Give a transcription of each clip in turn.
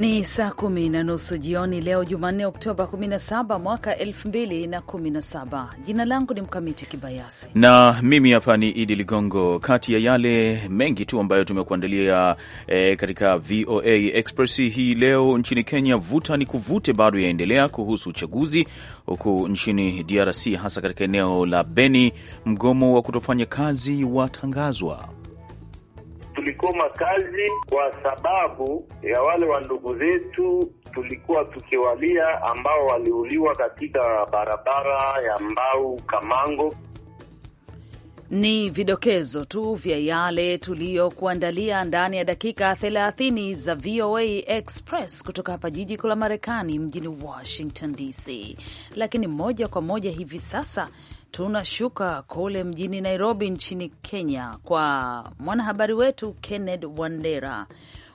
Ni saa kumi na nusu jioni leo Jumanne, Oktoba 17 mwaka 2017. Jina langu ni Mkamiti Kibayasi na mimi hapa ni Idi Ligongo. Kati ya yale mengi tu ambayo tumekuandalia e, katika VOA Express hii leo, nchini Kenya vuta ni kuvute bado yaendelea kuhusu uchaguzi, huku nchini DRC hasa katika eneo la Beni mgomo wa kutofanya kazi watangazwa tulikoma kazi kwa sababu ya wale wa ndugu zetu tulikuwa tukiwalia ambao waliuliwa katika barabara ya Mbau Kamango. Ni vidokezo tu vya yale tuliyokuandalia ndani ya dakika 30 za VOA Express kutoka hapa jiji kuu la Marekani, mjini Washington DC. Lakini moja kwa moja hivi sasa tunashuka kule mjini Nairobi nchini Kenya kwa mwanahabari wetu Kenneth Wandera.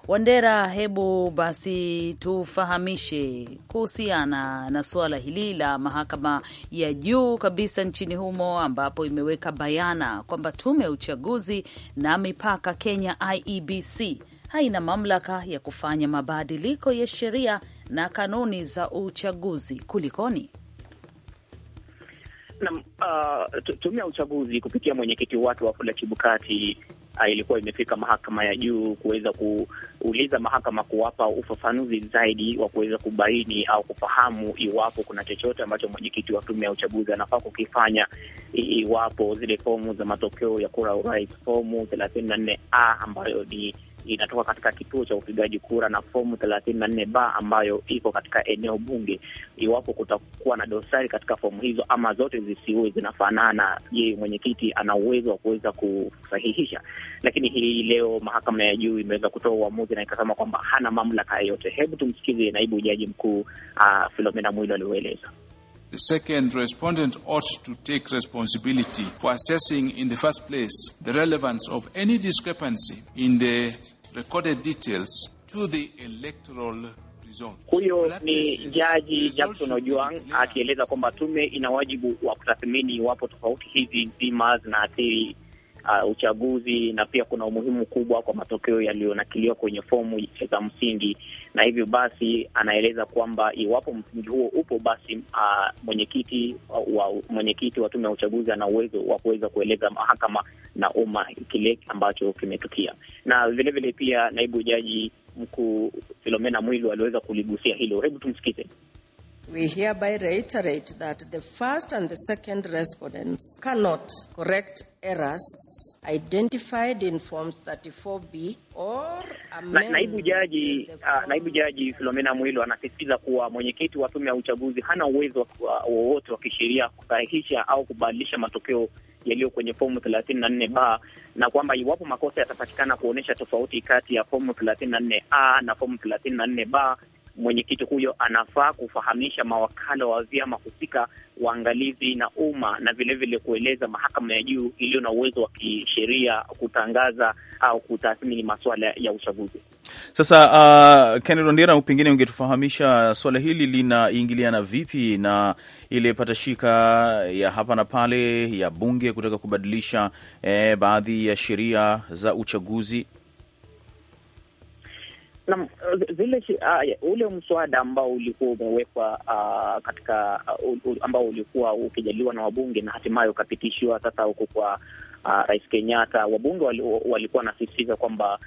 Wandera, hebu basi tufahamishe kuhusiana na suala hili la mahakama ya juu kabisa nchini humo, ambapo imeweka bayana kwamba tume ya uchaguzi na mipaka Kenya IEBC haina mamlaka ya kufanya mabadiliko ya sheria na kanuni za uchaguzi. Kulikoni? na uh, tume ya uchaguzi kupitia mwenyekiti wake Wafula Chebukati uh, ilikuwa imefika mahakama ya juu kuweza kuuliza mahakama kuwapa ufafanuzi zaidi wa kuweza kubaini au kufahamu iwapo kuna chochote ambacho mwenyekiti wa tume ya uchaguzi anafaa kukifanya iwapo zile fomu za matokeo ya kura urais fomu thelathini na nne a ambayo ni inatoka katika kituo cha upigaji kura na fomu thelathini na nne ba ambayo iko katika eneo bunge. Iwapo kutakuwa na dosari katika fomu hizo ama zote zisiwe zinafanana, je, mwenyekiti ana uwezo wa kuweza kusahihisha? Lakini hii leo mahakama ya juu imeweza kutoa uamuzi na ikasema kwamba hana mamlaka yote. Hebu tumsikize naibu jaji mkuu uh, Philomena Mwilo alioeleza The second respondent ought to take responsibility for assessing in the first place the relevance of any discrepancy in the recorded details to the electoral huyo ni Jaji Jackson Ojuang akieleza kwamba tume ina wajibu wa kutathmini iwapo tofauti hizi nzima zinaathiri uh, uchaguzi na pia kuna umuhimu mkubwa kwa matokeo yaliyonakiliwa kwenye fomu za msingi, na hivyo basi anaeleza kwamba iwapo msingi huo upo, basi uh, mwenyekiti uh, wa mwenyekiti wa tume ya uchaguzi ana uwezo wa kuweza kueleza mahakama na umma kile ambacho kimetukia, na vilevile vile pia naibu jaji mkuu Filomena Mwilu aliweza kuligusia hilo. Hebu tumsikize. We hereby reiterate that the first and the second respondents cannot correct errors identified in forms 34B or amend. Naibu jaji uh, naibu jaji Filomena Mwilo anasisitiza kuwa mwenyekiti wa tume ya uchaguzi hana uwezo wowote wa kisheria kusahihisha au kubadilisha matokeo yaliyo kwenye fomu 34 b mm. na kwamba iwapo makosa yatapatikana kuonyesha tofauti kati ya fomu 34 a na fomu 34 b mwenyekiti huyo anafaa kufahamisha mawakala wa vyama husika, waangalizi na umma, na vilevile kueleza mahakama ya juu iliyo na uwezo wa kisheria kutangaza au kutathmini masuala ya uchaguzi. Sasa uh, Kennedy Wandera, pengine ungetufahamisha suala hili linaingiliana vipi na ile patashika ya hapa na pale ya bunge kutaka kubadilisha eh, baadhi ya sheria za uchaguzi? Na zile uh, ule mswada ambao ulikuwa umewekwa uh, katika uh, ambao ulikuwa ukijaliwa na wabunge na hatimaye ukapitishiwa sasa huko kwa uh, Rais Kenyatta, wabunge walikuwa wanasisitiza kwamba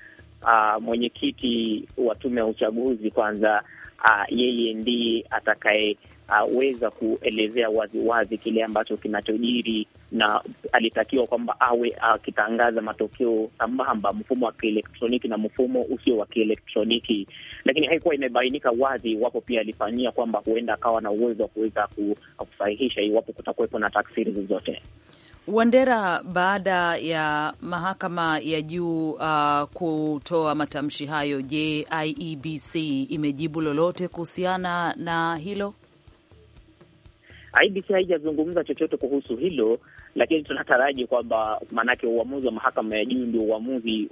uh, mwenyekiti wa tume ya uchaguzi kwanza, uh, yeye ndiye atakaye aweza kuelezea waziwazi wazi kile ambacho kinachojiri, na alitakiwa kwamba awe akitangaza matokeo sambamba, mfumo wa kielektroniki na mfumo usio wa kielektroniki, lakini haikuwa imebainika wazi iwapo pia alifanyia kwamba huenda akawa na uwezo wa kuweza kusahihisha iwapo kutakuwepo na taksiri zozote. Wandera, baada ya mahakama ya juu uh, kutoa matamshi hayo, je, IEBC imejibu lolote kuhusiana na hilo? IBC haijazungumza chochote kuhusu hilo, lakini tunataraji kwamba, maanake uamuzi wa mahakama ya juu ndio uamuzi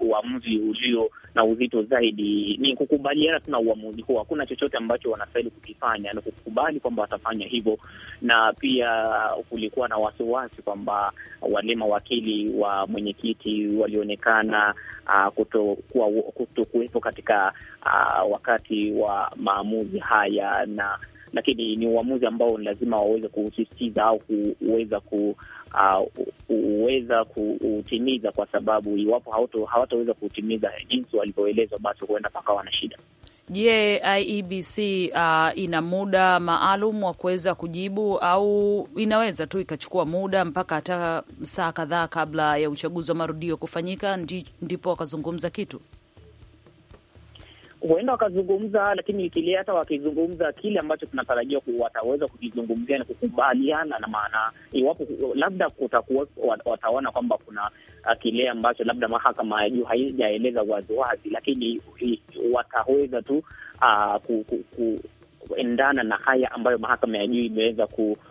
uamuzi ulio na uzito zaidi. Ni kukubaliana tu na uamuzi huo, hakuna chochote ambacho wanastahili kukifanya, ni kukubali kwamba watafanya hivyo. Na pia kulikuwa na wasiwasi kwamba wale mawakili wa mwenyekiti walionekana uh, kutokuwepo katika uh, wakati wa maamuzi haya na lakini ni uamuzi ambao ni lazima waweze kuusisitiza au kuweza ku huweza uh, kuutimiza kwa sababu iwapo hawataweza kuutimiza jinsi walivyoelezwa, basi huenda pakawa na shida. Je, IEBC uh, ina muda maalum wa kuweza kujibu au inaweza tu ikachukua muda mpaka hata saa kadhaa kabla ya uchaguzi wa marudio kufanyika, ndi, ndipo wakazungumza kitu huenda wakazungumza, lakini kile hata wakizungumza, kile ambacho tunatarajia wataweza kukizungumzia ni kukubaliana na maana, iwapo labda kutakuwa wataona kwamba kuna uh, kile ambacho labda mahakama ya juu haijaeleza waziwazi, lakini wataweza tu uh, ku, ku, ku, kuendana na haya ambayo mahakama ya juu imeweza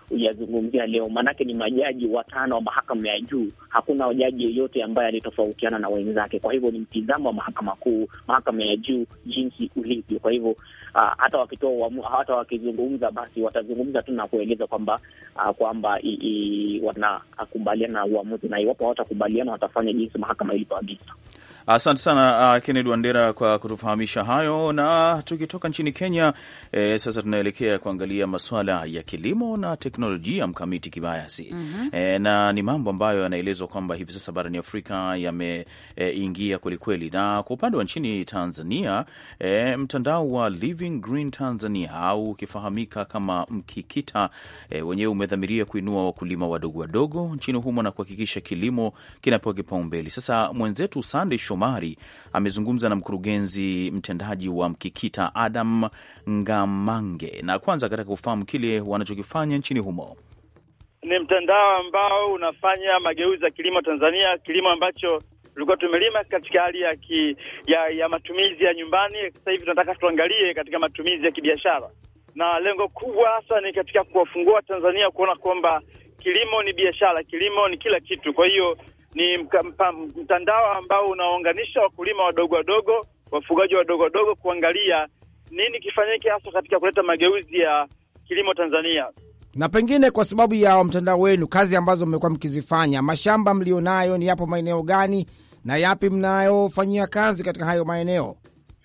kuyazungumzia leo. Maanake ni majaji watano wa mahakama ya juu, hakuna jaji yeyote ambaye alitofautiana na wenzake. Kwa hivyo ni mtizamo wa mahakama kuu, mahakama ya juu jinsi ulivyo. Kwa hivyo uh, hata wakitoa hata wakizungumza, basi watazungumza tu na kueleza kwamba uh, kwamba wanakubaliana na uamuzi, na iwapo hawatakubaliana watafanya jinsi mahakama ilipoagiza. Asante sana uh, Kennedy Wandera kwa kutufahamisha hayo. Na tukitoka nchini Kenya, e, sasa tunaelekea kuangalia masuala ya kilimo na teknolojia, Mkamiti Kibayasi. mm -hmm. E, na ni mambo ambayo yanaelezwa kwamba hivi sasa barani Afrika yameingia eh, e, kwelikweli. Na kwa upande wa nchini Tanzania, e, mtandao wa Living Green Tanzania au ukifahamika kama Mkikita e, wenyewe umedhamiria kuinua wakulima wadogo wadogo nchini humo na kuhakikisha kilimo kinapewa kipaumbele. Sasa mwenzetu Sande Shomari amezungumza na mkurugenzi mtendaji wa Mkikita Adam Ngamange, na kwanza katika kufahamu kile wanachokifanya nchini humo. Ni mtandao ambao unafanya mageuzi ya kilimo Tanzania, kilimo ambacho tulikuwa tumelima katika hali ya, ki, ya, ya matumizi ya nyumbani. Sasa hivi tunataka tuangalie katika matumizi ya kibiashara, na lengo kubwa hasa ni katika kuwafungua Tanzania kuona kwamba kilimo ni biashara, kilimo ni kila kitu. Kwa hiyo ni mtandao ambao unaunganisha wakulima wadogo wadogo, wafugaji wadogo wadogo, kuangalia nini kifanyike hasa katika kuleta mageuzi ya kilimo Tanzania. Na pengine kwa sababu ya mtandao wenu, kazi ambazo mmekuwa mkizifanya, mashamba mlionayo ni yapo maeneo gani na yapi mnayofanyia kazi katika hayo maeneo?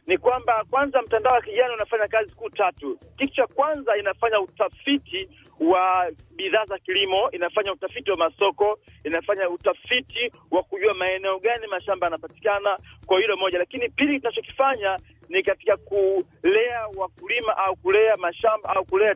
Ni kwamba kwanza, mtandao wa kijana unafanya kazi kuu tatu. Kitu cha kwanza, inafanya utafiti wa bidhaa za kilimo, inafanya utafiti wa masoko, inafanya utafiti wa kujua maeneo gani mashamba yanapatikana. Kwa hilo moja, lakini pili, tunachokifanya ni katika kulea wakulima au kulea mashamba au kulea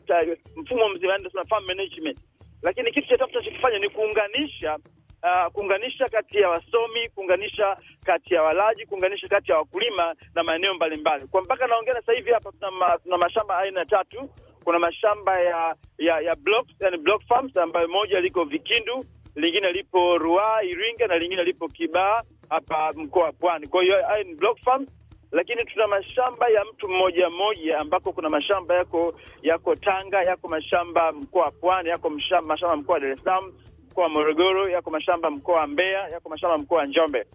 mfumo mzima, farm management. Lakini kitu cha tatu tunachokifanya ni kuunganisha Uh, kuunganisha kati ya wasomi, kuunganisha kati ya walaji, kuunganisha kati ya wakulima na maeneo mbalimbali. Kwa mpaka naongea sasa hivi hapa tuna, ma, tuna mashamba aina tatu kuna mashamba ya ya, ya blocks, yani block farms ambayo moja liko Vikindu, lingine lipo Ruaha Iringa, na lingine lipo kibaa hapa mkoa wa Pwani. Kwa hiyo hayo ni block farms, lakini tuna mashamba ya mtu mmoja mmoja, ambako kuna mashamba yako yako Tanga, yako mashamba mkoa wa Pwani, yako mashamba mkoa wa Dar es Salaam, mkoa wa Morogoro, yako mashamba mkoa wa Mbeya, yako mashamba mkoa wa Njombe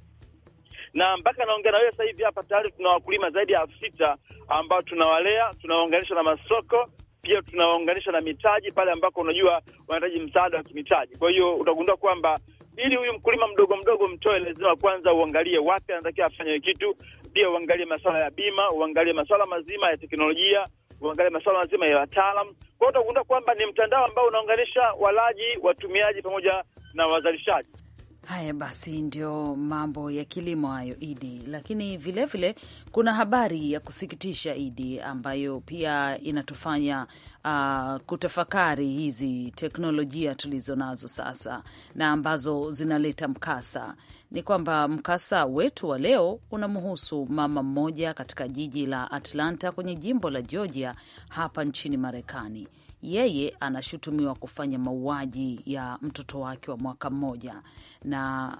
na mpaka naongea na wewe sasa hivi hapa tayari tuna wakulima zaidi ya elfu sita ambao tunawalea, tunawaunganisha na masoko pia tunawaunganisha na mitaji pale ambako unajua wanahitaji msaada wa kimitaji. Kwa hiyo utagundua kwamba ili huyu mkulima mdogo mdogo mtoe, lazima kwanza uangalie wapi anatakiwa afanye kitu, pia uangalie masuala ya bima, uangalie masuala mazima ya teknolojia, uangalie masuala mazima ya wataalam. Kwa hiyo utagundua kwamba ni mtandao ambao unaunganisha walaji, watumiaji pamoja na wazalishaji. Haya basi, ndio mambo ya kilimo hayo, Idi. Lakini vilevile vile, kuna habari ya kusikitisha Idi, ambayo pia inatufanya uh, kutafakari hizi teknolojia tulizo nazo sasa na ambazo zinaleta mkasa. Ni kwamba mkasa wetu wa leo unamhusu mama mmoja katika jiji la Atlanta kwenye jimbo la Georgia hapa nchini Marekani yeye anashutumiwa kufanya mauaji ya mtoto wake wa mwaka mmoja na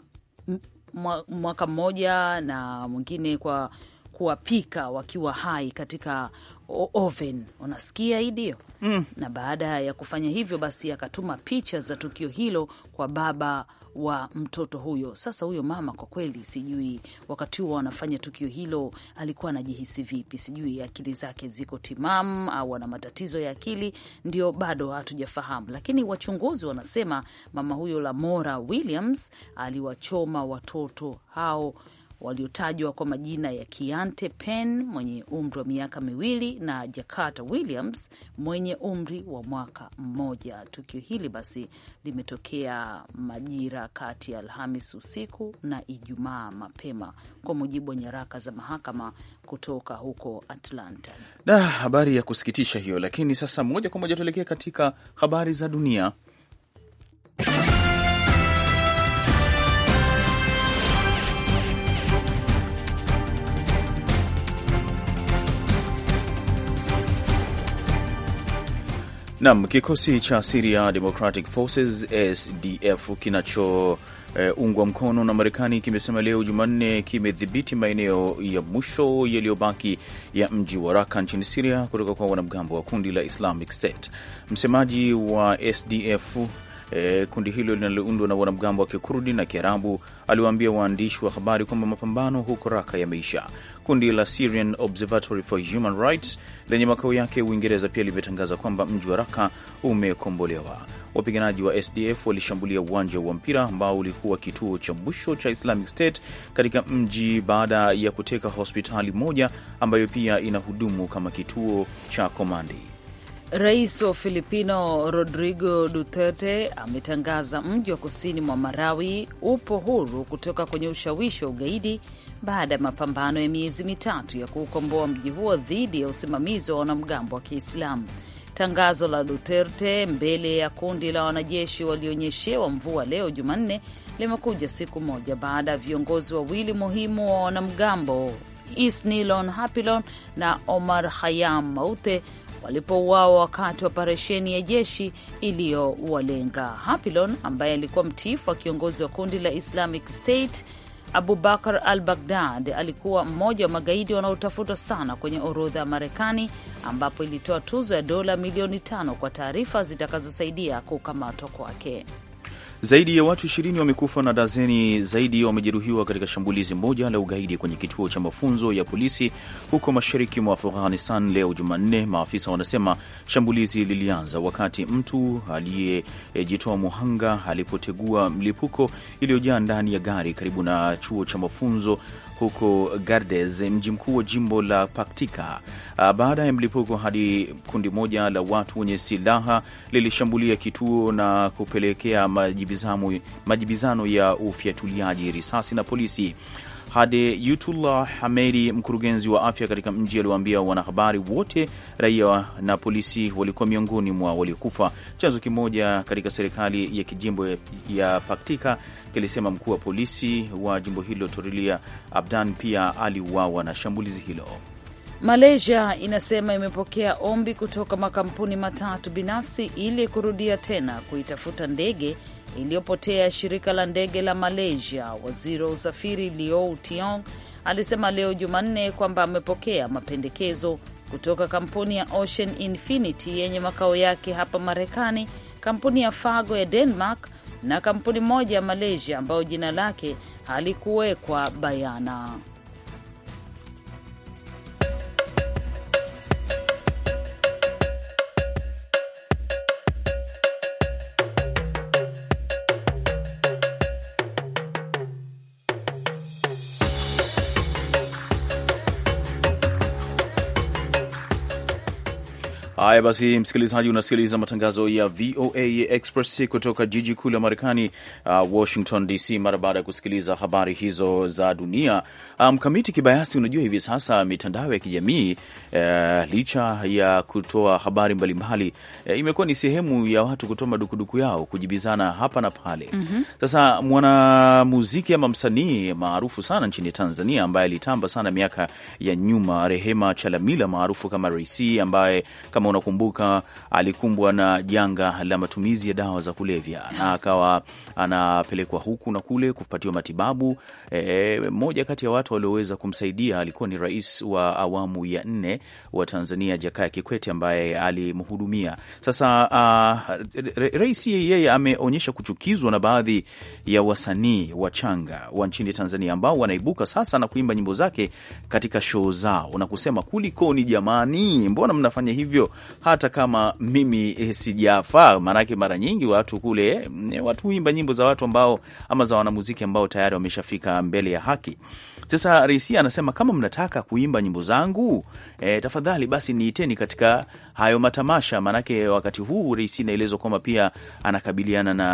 mwaka mmoja na mwingine kwa kuwapika wakiwa hai katika oven. Unasikia hii mm. Na baada ya kufanya hivyo basi, akatuma picha za tukio hilo kwa baba wa mtoto huyo. Sasa huyo mama kwa kweli, sijui wakati huo wanafanya tukio hilo alikuwa anajihisi vipi, sijui akili zake ziko timamu au ana matatizo ya akili, ndio bado hatujafahamu. Lakini wachunguzi wanasema mama huyo Lamora Williams aliwachoma watoto hao waliotajwa kwa majina ya Kiante Pen mwenye umri wa miaka miwili na Jakarta Williams mwenye umri wa mwaka mmoja. Tukio hili basi limetokea majira kati ya Alhamis usiku na Ijumaa mapema, kwa mujibu wa nyaraka za mahakama kutoka huko Atlanta. Da, habari ya kusikitisha hiyo. Lakini sasa moja kwa moja tuelekee katika habari za dunia. Nam, kikosi cha Syria Democratic Forces SDF kinachoungwa eh, mkono na Marekani kimesema leo Jumanne kimedhibiti maeneo ya mwisho yaliyobaki ya mji wa Raka nchini Siria kutoka kwa wanamgambo wa kundi la Islamic State. Msemaji wa SDF E, kundi hilo linaloundwa na wanamgambo wa Kikurdi na Kiarabu aliwaambia waandishi wa habari kwamba mapambano huko Raka yameisha. Kundi la Syrian Observatory for Human Rights lenye makao yake Uingereza pia limetangaza kwamba mji wa Raka umekombolewa. Wapiganaji wa SDF walishambulia uwanja wa mpira ambao ulikuwa kituo cha mwisho cha Islamic State katika mji baada ya kuteka hospitali moja ambayo pia inahudumu kama kituo cha komandi. Rais wa Filipino Rodrigo Duterte ametangaza mji wa kusini mwa Marawi upo huru kutoka kwenye ushawishi wa ugaidi baada ya mapambano ya miezi mitatu ya kuukomboa mji huo dhidi ya usimamizi wa wanamgambo wa Kiislamu. Tangazo la Duterte mbele ya kundi la wanajeshi walionyeshewa mvua leo Jumanne limekuja siku moja baada ya viongozi wawili muhimu wa wanamgambo Isnilon Hapilon na Omar Hayam Maute walipouawa wakati wa operesheni ya jeshi iliyowalenga. Hapilon ambaye alikuwa mtiifu wa kiongozi wa kundi la Islamic State Abubakar al Baghdad alikuwa mmoja wa magaidi wanaotafutwa sana kwenye orodha ya Marekani, ambapo ilitoa tuzo ya dola milioni tano kwa taarifa zitakazosaidia kukamatwa kwake. Zaidi ya watu ishirini wamekufa na dazeni zaidi wamejeruhiwa katika shambulizi moja la ugaidi kwenye kituo cha mafunzo ya polisi huko mashariki mwa Afghanistan leo Jumanne. Maafisa wanasema shambulizi lilianza wakati mtu aliyejitoa muhanga alipotegua mlipuko iliyojaa ndani ya gari karibu na chuo cha mafunzo huko Gardez, mji mkuu wa jimbo la Paktika, ah, baada ya mlipuko hadi kundi moja la watu wenye silaha lilishambulia kituo na kupelekea majibizano ya ufyatuliaji risasi na polisi hade yutullah Hamedi, mkurugenzi wa afya katika mji, aliwaambia wanahabari wote raia na polisi walikuwa miongoni mwa waliokufa. Chanzo kimoja katika serikali ya kijimbo ya Paktika kilisema mkuu wa polisi wa jimbo hilo Torilia Abdan pia aliuawa na shambulizi hilo. Malaysia inasema imepokea ombi kutoka makampuni matatu binafsi ili kurudia tena kuitafuta ndege iliyopotea shirika la ndege la Malaysia. Waziri wa usafiri Liow Tiong alisema leo Jumanne kwamba amepokea mapendekezo kutoka kampuni ya Ocean Infinity yenye makao yake hapa Marekani, kampuni ya Fago ya Denmark na kampuni moja ya Malaysia ambayo jina lake halikuwekwa bayana. Haya basi, msikilizaji, unasikiliza matangazo ya VOA Express kutoka jiji kuu la Marekani, uh, Washington DC. Mara baada ya kusikiliza habari hizo za dunia, uh, mkamiti um, kibayasi, unajua hivi sasa mitandao ya kijamii uh, licha ya kutoa habari mbalimbali uh, imekuwa ni sehemu ya watu kutoa madukuduku yao, kujibizana hapa na pale. mm -hmm. Sasa mwanamuziki ama msanii maarufu sana nchini Tanzania ambaye alitamba sana miaka ya nyuma, Rehema Chalamila maarufu kama Rayc ambaye kama kama unakumbuka, alikumbwa na janga la matumizi ya dawa za kulevya na akawa anapelekwa huku na kule kupatiwa matibabu. E, moja kati ya watu walioweza kumsaidia alikuwa ni rais wa awamu ya nne wa Tanzania Jakaya Kikwete ambaye alimhudumia. Sasa uh, rais yeye ameonyesha kuchukizwa na baadhi ya wasanii wachanga wa nchini Tanzania ambao wanaibuka sasa na kuimba nyimbo zake katika shoo zao na kusema kulikoni jamani, mbona mnafanya hivyo? hata kama mimi eh, sijafaa. Maanake mara nyingi watu kule, mm, watu huimba nyimbo za watu ambao ama za wanamuziki ambao tayari wameshafika mbele ya haki. Sasa Reisia anasema kama mnataka kuimba nyimbo zangu e, tafadhali basi niiteni katika hayo matamasha, maanake wakati huu Reisia inaelezwa kwamba pia anakabiliana na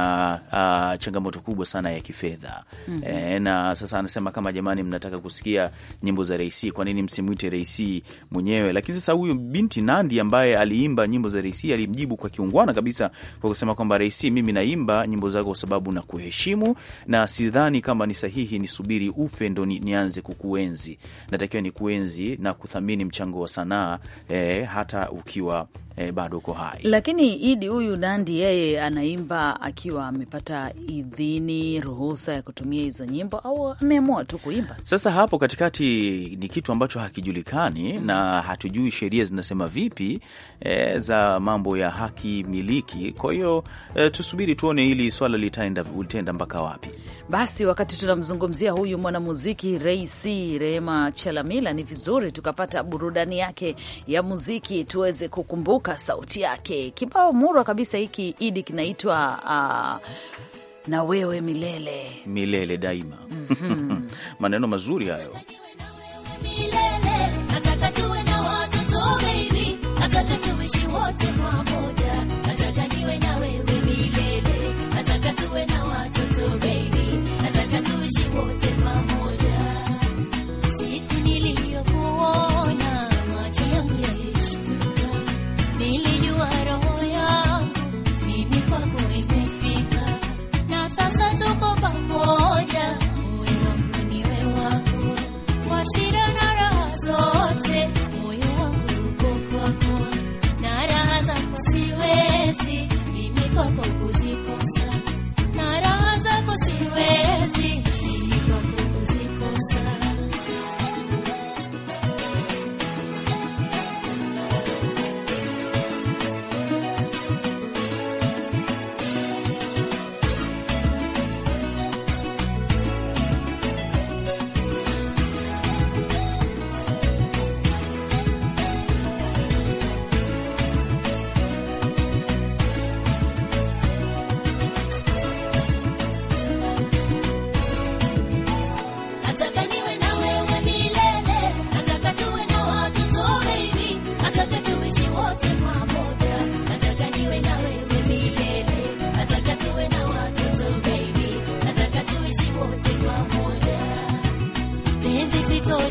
a, ah, changamoto kubwa sana ya kifedha mm -hmm. E, na sasa anasema kama jamani, mnataka kusikia nyimbo za Reisia, kwa nini msimwite Reisia mwenyewe? Lakini sasa huyu binti Nandi ambaye aliimba nyimbo za Reisia alimjibu kwa kiungwana kabisa kwa kusema kwamba Reisia, mimi naimba nyimbo zako kwa sababu nakuheshimu na sidhani kama ni sahihi nisubiri ufe ndo ni, ni nianze kukuenzi, natakiwa ni kuenzi na kuthamini mchango wa sanaa e, hata ukiwa E, bado uko hai. Lakini Idi huyu Dandi yeye anaimba akiwa amepata idhini, ruhusa ya kutumia hizo nyimbo au ameamua tu kuimba? Sasa hapo katikati ni kitu ambacho hakijulikani, mm -hmm. na hatujui sheria zinasema vipi e, za mambo ya haki miliki. Kwa hiyo e, tusubiri tuone hili swala litaenda mpaka wapi. Basi wakati tunamzungumzia huyu mwanamuziki Reisi Rehema Chalamila, ni vizuri tukapata burudani yake ya muziki tuweze kukumbuka sauti yake. Kibao murwa kabisa hiki Idi kinaitwa uh, na wewe milele milele daima. mm -hmm. maneno mazuri hayo. Nataka tuwe na watoto baby, nataka tuishi wote pamoja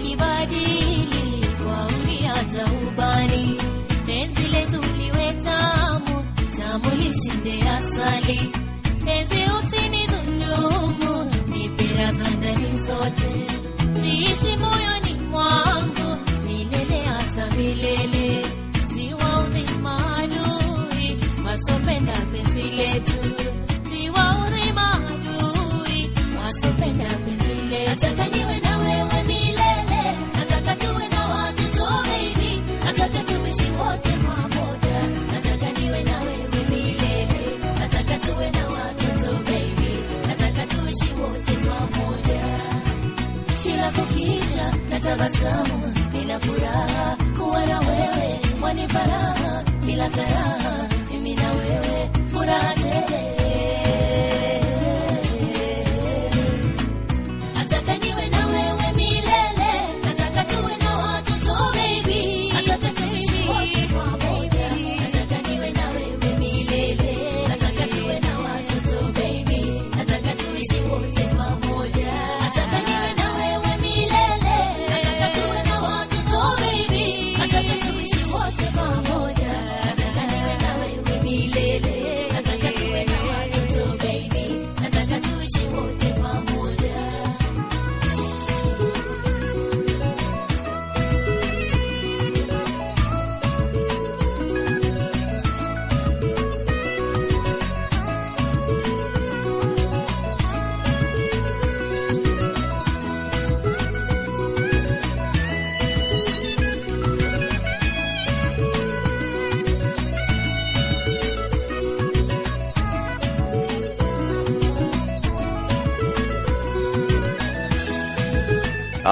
Parivari tabasamu, nina furaha kuwa na wewe, waniparaha bila karaha, mimi na wewe furaha tele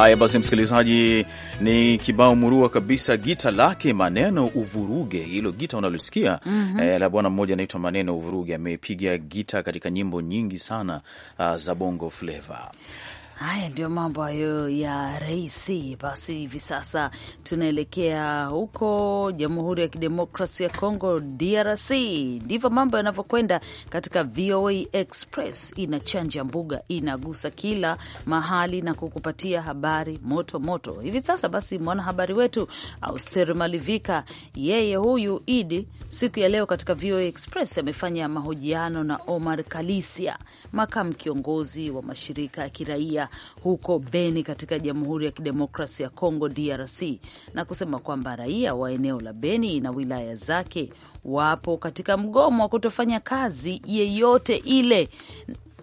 Haya basi, msikilizaji, ni kibao murua kabisa, gita lake Maneno Uvuruge. Hilo gita unalosikia mm -hmm. E, eh, la bwana mmoja anaitwa Maneno Uvuruge, amepiga gita katika nyimbo nyingi sana uh, za bongo fleva. Haya ndio mambo hayo ya rais. Basi hivi sasa tunaelekea huko Jamhuri ya Kidemokrasia ya Congo, DRC. Ndivyo mambo yanavyokwenda katika VOA Express, inachanja mbuga, inagusa kila mahali na kukupatia habari moto moto hivi sasa. Basi mwanahabari wetu Austeri Malivika, yeye huyu Idi, siku ya leo katika VOA Express amefanya mahojiano na Omar Kalisia, makamu kiongozi wa mashirika ya kiraia huko Beni katika Jamhuri ya Kidemokrasia ya Kongo DRC, na kusema kwamba raia wa eneo la Beni na wilaya zake wapo katika mgomo wa kutofanya kazi yeyote ile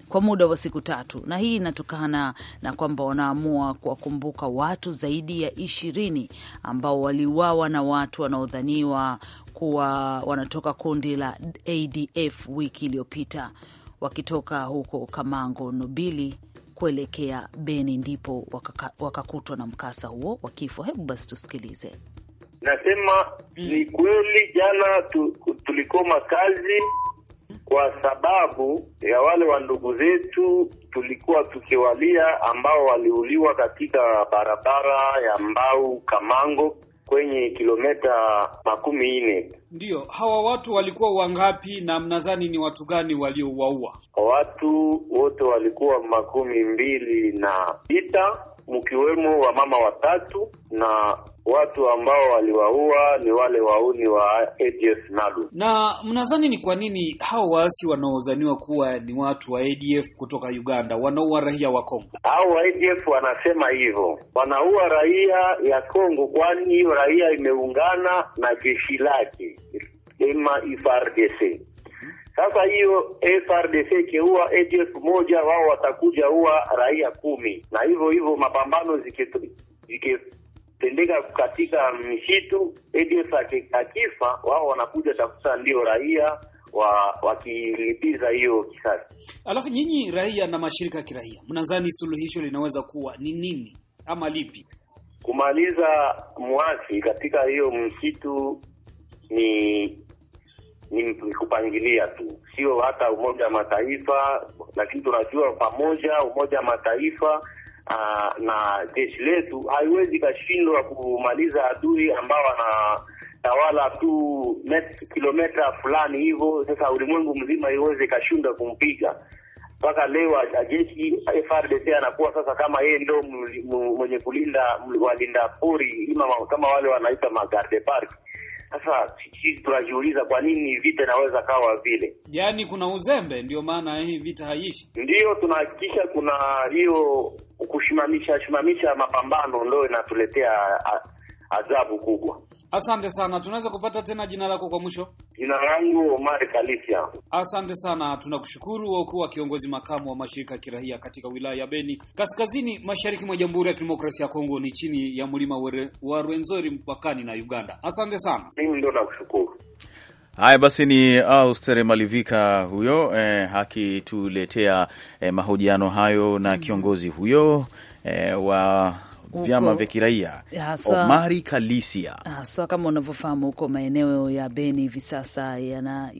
kwa muda wa siku tatu, na hii inatokana na kwamba wanaamua kuwakumbuka watu zaidi ya ishirini ambao waliuawa na watu wanaodhaniwa kuwa wanatoka kundi la ADF wiki iliyopita wakitoka huko Kamango Nobili kuelekea Beni, ndipo wakakutwa waka na mkasa huo wa kifo. Hebu basi tusikilize. Nasema mm. Ni kweli jana tu, tulikoma kazi kwa sababu ya wale wa ndugu zetu tulikuwa tukiwalia ambao waliuliwa katika barabara ya Mbau Kamango kwenye kilomita makumi nne. Ndiyo, hawa watu walikuwa wangapi na mnadhani ni watu gani waliowaua? Watu wote walikuwa makumi mbili na sita mkiwemo wa mama watatu na watu ambao waliwaua ni wale wauni wa ADF NALU. Na mnadhani ni kwa nini hao waasi wanaodhaniwa kuwa ni watu wa ADF kutoka Uganda wanaua raia wa Kongo? Hao wa ADF wanasema hivyo, wanaua raia ya Kongo, kwani hiyo raia imeungana na jeshi lake ema FARDC sasa hiyo FRDC ikiua ADF moja, wao watakuja ua raia kumi, na hivyo hivyo mapambano zikitendeka katika mshitu ADF akifa, wao wanakuja tafuta ndio raia wa wakilipiza hiyo kisasi. Alafu nyinyi raia na mashirika ya kiraia, mnadhani suluhisho linaweza kuwa ni nini ama lipi? Kumaliza mwasi katika hiyo msitu ni ni kupangilia tu, sio hata Umoja wa Mataifa, lakini tunajua pamoja Umoja wa Mataifa aa, ah, na jeshi letu haiwezi kashindwa kumaliza adui ambao wana tawala tu kilometa fulani hivyo. Sasa ulimwengu mzima iweze ikashindwa kumpiga mpaka leo jeshi FRDC anakuwa sasa kama yeye ndo mwenye kulinda walinda pori, kama wale wanaita magarde park sasa sisi tunajiuliza kwa nini vita inaweza kawa vile, yaani kuna uzembe, ndio maana hii vita haiishi. Ndiyo tunahakikisha kuna hiyo kushimamisha shimamisha mapambano, ndio inatuletea adhabu kubwa. Asante sana. Tunaweza kupata tena jina lako kwa mwisho? Jina langu Omar Kalisia. Asante sana, tunakushukuru kwa kuwa kiongozi makamu wa mashirika ya kirahia katika wilaya ya Beni, kaskazini mashariki mwa Jamhuri ya Kidemokrasia ya Kongo, ni chini ya mlima wa Rwenzori mpakani na Uganda. Asante sana, mimi ndo nakushukuru. Haya basi, ni Austere Malivika huyo eh, akituletea eh, mahojiano hayo na kiongozi huyo eh, wa vyama vya kiraia Omari Kalisia haswa. Kama unavyofahamu huko maeneo ya Beni hivi sasa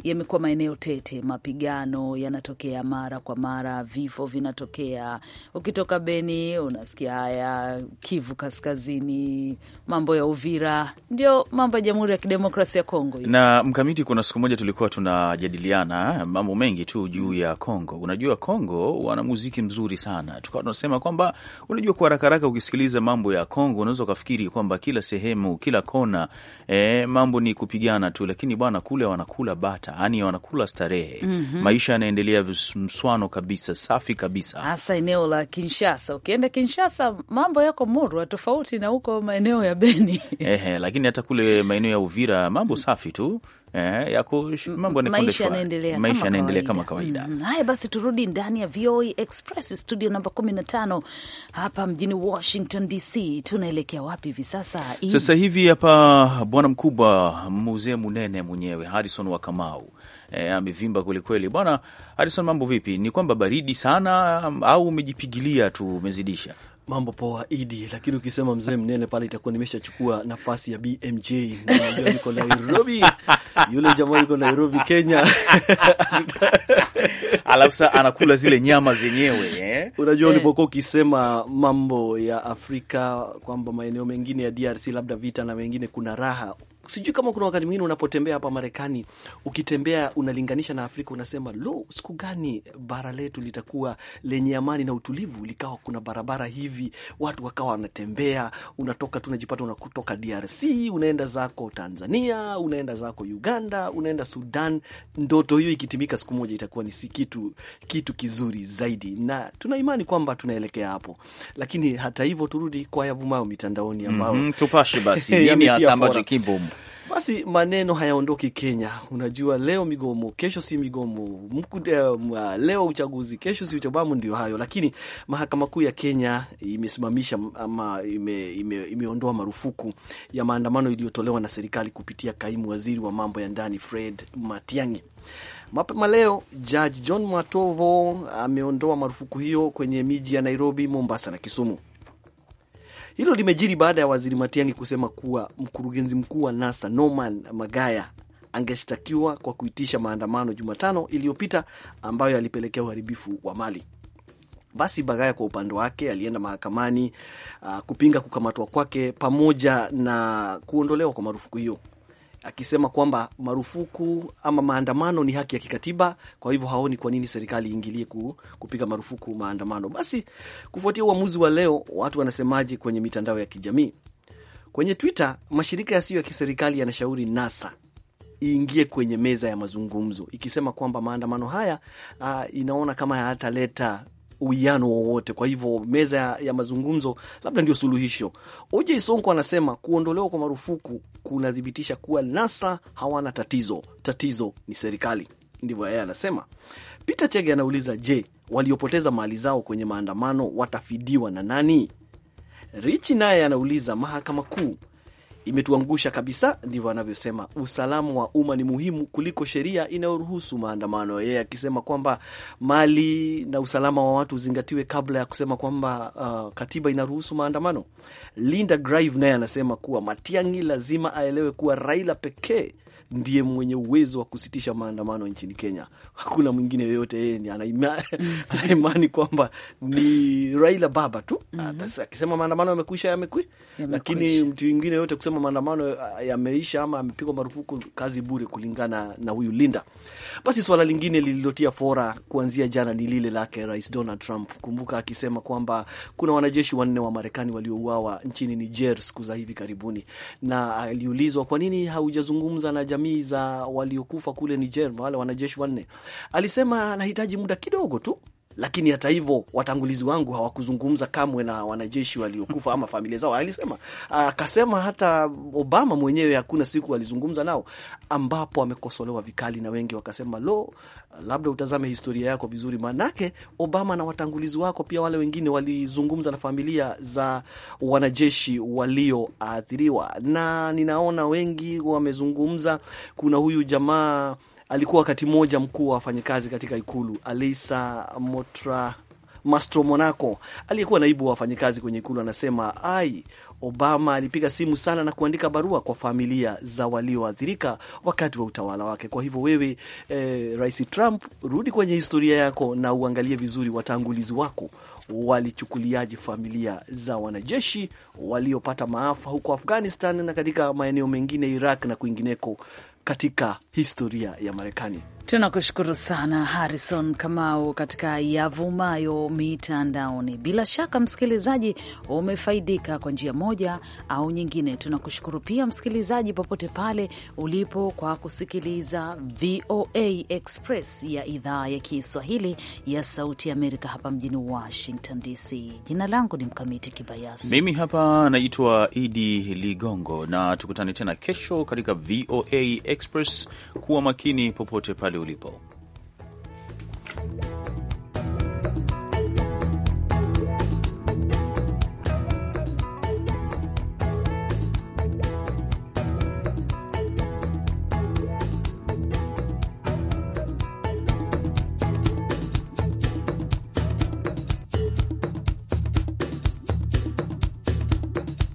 yamekuwa maeneo tete, mapigano yanatokea mara kwa mara, vifo vinatokea. Ukitoka Beni unasikia haya, Kivu Kaskazini, mambo ya Uvira, ndio mambo ya Jamhuri ya Kidemokrasia ya Kongo. Na mkamiti, kuna siku moja tulikuwa tunajadiliana mambo mengi tu juu ya Kongo. Unajua Kongo wana muziki mzuri sana, tukawa tunasema kwamba unajua, kwa harakaraka ukisikiliza ukisikiliza mambo ya Kongo unaweza ukafikiri kwamba kila sehemu, kila kona, e, mambo ni kupigana tu, lakini bwana, kule wanakula bata, yani wanakula starehe mm -hmm. Maisha yanaendelea mswano kabisa, safi kabisa, hasa eneo la Kinshasa. Ukienda Kinshasa mambo yako murwa tofauti na huko maeneo ya Beni. Ehe, lakini hata kule maeneo ya Uvira mambo safi tu eh, ya kush, mambo maisha yanaendelea maisha yanaendelea kama kawaida. Mm, haya basi, turudi ndani ya VOA e Express studio namba 15 hapa mjini Washington DC. Tunaelekea wapi hivi sasa? Sasa hivi hapa bwana mkubwa mzee munene mwenyewe Harrison Kamau E, eh, amevimba kwelikweli. Bwana Harison, mambo vipi? Ni kwamba baridi sana au umejipigilia tu umezidisha? Mambo poa Idi, lakini ukisema mzee mnene pale itakuwa nimeshachukua nafasi ya BMJ na Nairobi, yule jamaa yuko Nairobi, Kenya. Alafu sasa anakula zile nyama zenyewe eh? Unajua, eh. ulipokuwa ukisema mambo ya Afrika kwamba maeneo mengine ya DRC labda vita na mengine kuna raha, sijui kama kuna wakati mwingine unapotembea hapa Marekani, ukitembea unalinganisha na Afrika, unasema lo, siku gani bara letu litakuwa lenye amani na utulivu, likawa kuna barabara hivi, watu wakawa wanatembea, unatoka tu tunajipata, unakutoka DRC unaenda zako Tanzania, unaenda zako Uganda, unaenda Sudan. Ndoto hiyo ikitimika siku moja itakuwa ni si kitu kitu kizuri zaidi, na tuna imani kwamba tunaelekea hapo, lakini hata hivyo turudi kwa yavumayo mitandaoni ambayo mm -hmm, tupashe basi nini hasa ambacho kipo basi maneno hayaondoki Kenya. Unajua, leo migomo, kesho si migomo, eh, leo uchaguzi, kesho si uchabamu, ndio hayo. Lakini mahakama kuu ya Kenya imesimamisha ama ime, ime, imeondoa marufuku ya maandamano iliyotolewa na serikali kupitia kaimu waziri wa mambo ya ndani Fred Matiang'i. Mapema leo Judge John Matovo ameondoa marufuku hiyo kwenye miji ya Nairobi, Mombasa na Kisumu. Hilo limejiri baada ya waziri Matiang'i kusema kuwa mkurugenzi mkuu wa NASA Norman Magaya angeshtakiwa kwa kuitisha maandamano Jumatano iliyopita ambayo yalipelekea uharibifu wa mali. Basi Bagaya kwa upande wake alienda mahakamani uh, kupinga kukamatwa kwake pamoja na kuondolewa kwa marufuku hiyo akisema kwamba marufuku ama maandamano ni haki ya kikatiba, kwa hivyo haoni kwa nini serikali iingilie kupiga marufuku maandamano. Basi kufuatia uamuzi wa leo, watu wanasemaje kwenye mitandao ya kijamii? Kwenye Twitter, mashirika yasiyo ya kiserikali yanashauri NASA iingie kwenye meza ya mazungumzo ikisema kwamba maandamano haya uh, inaona kama hayataleta uwiano wowote. Kwa hivyo meza ya, mazungumzo labda ndio suluhisho. OJ Sonko anasema kuondolewa kwa marufuku kunathibitisha kuwa NASA hawana tatizo, tatizo ni serikali. Ndivyo yeye anasema. Peter Chege anauliza, je, waliopoteza mali zao kwenye maandamano watafidiwa na nani? Richi naye anauliza mahakama kuu imetuangusha kabisa, ndivyo anavyosema. Usalama wa umma ni muhimu kuliko sheria inayoruhusu maandamano, yeye akisema kwamba mali na usalama wa watu uzingatiwe kabla ya kusema kwamba uh, katiba inaruhusu maandamano. Linda Grive naye anasema kuwa Matiang'i lazima aelewe kuwa Raila pekee ndiye mwenye uwezo wa kusitisha maandamano nchini Kenya. Hakuna mwingine yoyote, yeye ni anaimani kwamba ni Raila Baba tu mm -hmm. akisema maandamano yamekuisha, yamekui, lakini mtu mwingine yoyote kusema maandamano yameisha ama amepigwa marufuku, kazi bure, kulingana na huyu Linda. Basi swala lingine lililotia fora kuanzia jana ni lile lake Rais Donald Trump, kumbuka akisema kwamba kuna wanajeshi wanne wa Marekani waliouawa nchini Niger siku za hivi karibuni, na aliulizwa kwa nini haujazungumza na jamii za waliokufa kule Niger, wale wanajeshi wanne, alisema anahitaji muda kidogo tu lakini hata hivyo watangulizi wangu hawakuzungumza kamwe na wanajeshi waliokufa ama familia zao. Alisema akasema, hata Obama mwenyewe hakuna siku alizungumza nao, ambapo amekosolewa vikali na wengi wakasema, lo, labda utazame historia yako vizuri, maanake Obama na watangulizi wako pia wale wengine walizungumza na familia za wanajeshi walioathiriwa, na ninaona wengi wamezungumza. Kuna huyu jamaa alikuwa wakati mmoja mkuu wa wafanyakazi katika ikulu, Alisa Motra Mastro Monaco aliyekuwa naibu wa wafanyakazi kwenye ikulu anasema, ai, Obama alipiga simu sana na kuandika barua kwa familia za walioathirika wa wakati wa utawala wake. Kwa hivyo wewe, eh, Rais Trump, rudi kwenye historia yako na uangalie vizuri watangulizi wako walichukuliaje familia za wanajeshi waliopata maafa huko Afghanistan na katika maeneo mengine Iraq na kwingineko katika historia ya Marekani. Tunakushukuru sana Harrison Kamau katika yavumayo mitandaoni. Bila shaka, msikilizaji, umefaidika kwa njia moja au nyingine. Tunakushukuru pia msikilizaji, popote pale ulipo, kwa kusikiliza VOA Express ya idhaa ya Kiswahili ya Sauti Amerika hapa mjini Washington DC. Jina langu ni Mkamiti Kibayasi, mimi hapa naitwa Idi Ligongo, na tukutane tena kesho katika VOA Express. Kuwa makini popote pale ulipo.